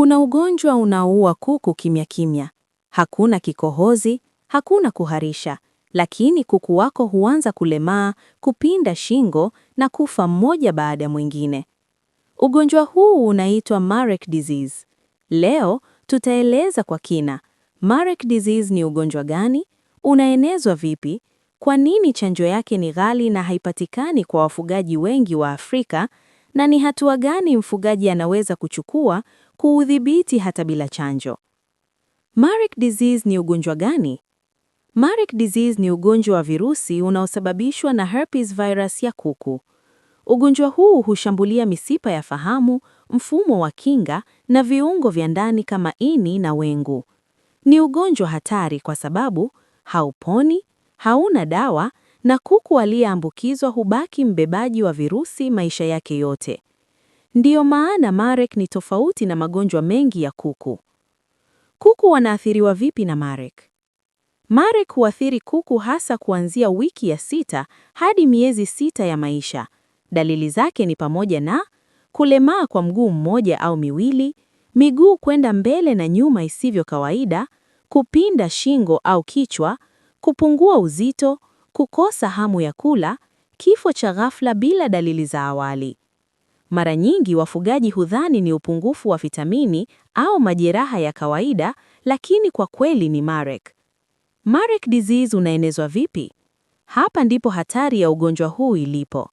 Kuna ugonjwa unaua kuku kimya kimya. Hakuna kikohozi, hakuna kuharisha, lakini kuku wako huanza kulemaa, kupinda shingo na kufa mmoja baada ya mwingine. Ugonjwa huu unaitwa Marek disease. Leo tutaeleza kwa kina Marek disease ni ugonjwa gani, unaenezwa vipi, kwa nini chanjo yake ni ghali na haipatikani kwa wafugaji wengi wa Afrika, na ni hatua gani mfugaji anaweza kuchukua kuudhibiti hata bila chanjo. Marek disease ni ugonjwa gani? Marek disease ni ugonjwa wa virusi unaosababishwa na herpes virus ya kuku. Ugonjwa huu hushambulia misipa ya fahamu, mfumo wa kinga na viungo vya ndani kama ini na wengu. Ni ugonjwa hatari kwa sababu hauponi, hauna dawa na kuku aliyeambukizwa hubaki mbebaji wa virusi maisha yake yote. Ndiyo maana Marek ni tofauti na magonjwa mengi ya kuku. Kuku wanaathiriwa vipi na Marek? Marek huathiri kuku hasa kuanzia wiki ya sita hadi miezi sita ya maisha. Dalili zake ni pamoja na kulemaa kwa mguu mmoja au miwili, miguu kwenda mbele na nyuma isivyo kawaida, kupinda shingo au kichwa, kupungua uzito, kukosa hamu ya kula, kifo cha ghafla bila dalili za awali. Mara nyingi wafugaji hudhani ni upungufu wa vitamini au majeraha ya kawaida, lakini kwa kweli ni Marek. Marek disease unaenezwa vipi? Hapa ndipo hatari ya ugonjwa huu ilipo.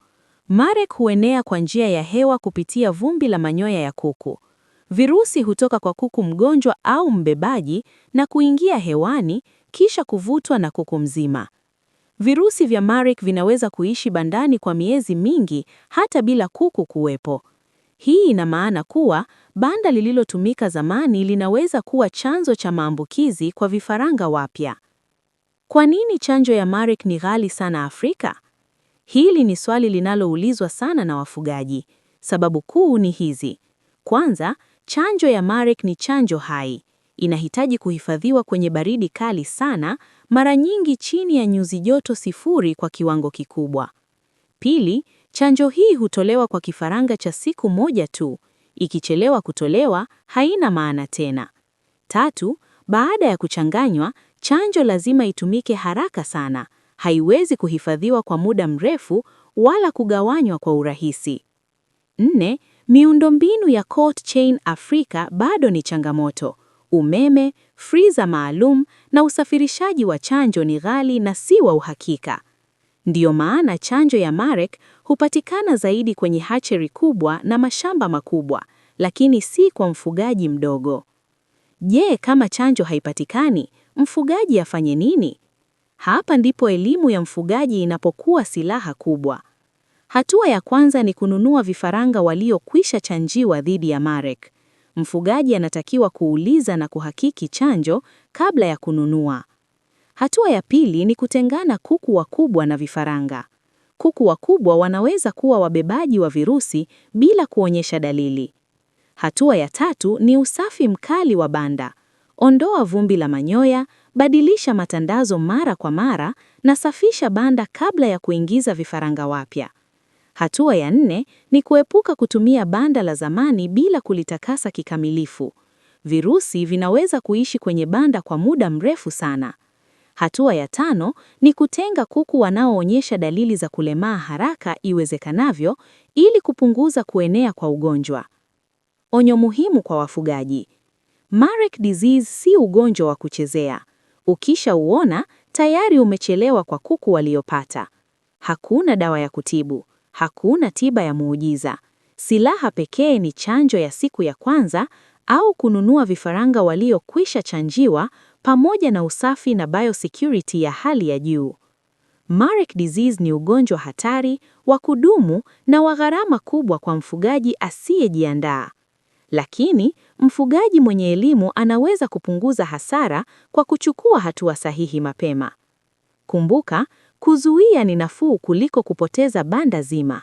Marek huenea kwa njia ya hewa kupitia vumbi la manyoya ya kuku. Virusi hutoka kwa kuku mgonjwa au mbebaji na kuingia hewani kisha kuvutwa na kuku mzima. Virusi vya Marek vinaweza kuishi bandani kwa miezi mingi hata bila kuku kuwepo. Hii ina maana kuwa banda lililotumika zamani linaweza kuwa chanzo cha maambukizi kwa vifaranga wapya. Kwa nini chanjo ya Marek ni ghali sana Afrika? Hili ni swali linaloulizwa sana na wafugaji. Sababu kuu ni hizi. Kwanza, chanjo ya Marek ni chanjo hai inahitaji kuhifadhiwa kwenye baridi kali sana, mara nyingi chini ya nyuzi joto sifuri kwa kiwango kikubwa. Pili, chanjo hii hutolewa kwa kifaranga cha siku moja tu. Ikichelewa kutolewa, haina maana tena. Tatu, baada ya kuchanganywa, chanjo lazima itumike haraka sana. Haiwezi kuhifadhiwa kwa muda mrefu wala kugawanywa kwa urahisi. Nne, miundombinu ya cold chain Afrika bado ni changamoto umeme, friza maalum na usafirishaji wa chanjo ni ghali na si wa uhakika. Ndiyo maana chanjo ya Marek hupatikana zaidi kwenye hacheri kubwa na mashamba makubwa, lakini si kwa mfugaji mdogo. Je, kama chanjo haipatikani, mfugaji afanye nini? Hapa ndipo elimu ya mfugaji inapokuwa silaha kubwa. Hatua ya kwanza ni kununua vifaranga waliokwisha chanjiwa dhidi ya Marek mfugaji anatakiwa kuuliza na kuhakiki chanjo kabla ya kununua. Hatua ya pili ni kutengana kuku wakubwa na vifaranga. Kuku wakubwa wanaweza kuwa wabebaji wa virusi bila kuonyesha dalili. Hatua ya tatu ni usafi mkali wa banda. Ondoa vumbi la manyoya, badilisha matandazo mara kwa mara na safisha banda kabla ya kuingiza vifaranga wapya. Hatua ya nne ni kuepuka kutumia banda la zamani bila kulitakasa kikamilifu. Virusi vinaweza kuishi kwenye banda kwa muda mrefu sana. Hatua ya tano ni kutenga kuku wanaoonyesha dalili za kulemaa haraka iwezekanavyo ili kupunguza kuenea kwa ugonjwa. Onyo muhimu kwa wafugaji. Marek disease si ugonjwa wa kuchezea. Ukishauona, tayari umechelewa kwa kuku waliopata. Hakuna dawa ya kutibu. Hakuna tiba ya muujiza. Silaha pekee ni chanjo ya siku ya kwanza au kununua vifaranga waliokwisha chanjiwa pamoja na usafi na biosecurity ya hali ya juu. Marek disease ni ugonjwa hatari wa kudumu na wa gharama kubwa kwa mfugaji asiyejiandaa. Lakini mfugaji mwenye elimu anaweza kupunguza hasara kwa kuchukua hatua sahihi mapema. Kumbuka, Kuzuia ni nafuu kuliko kupoteza banda zima.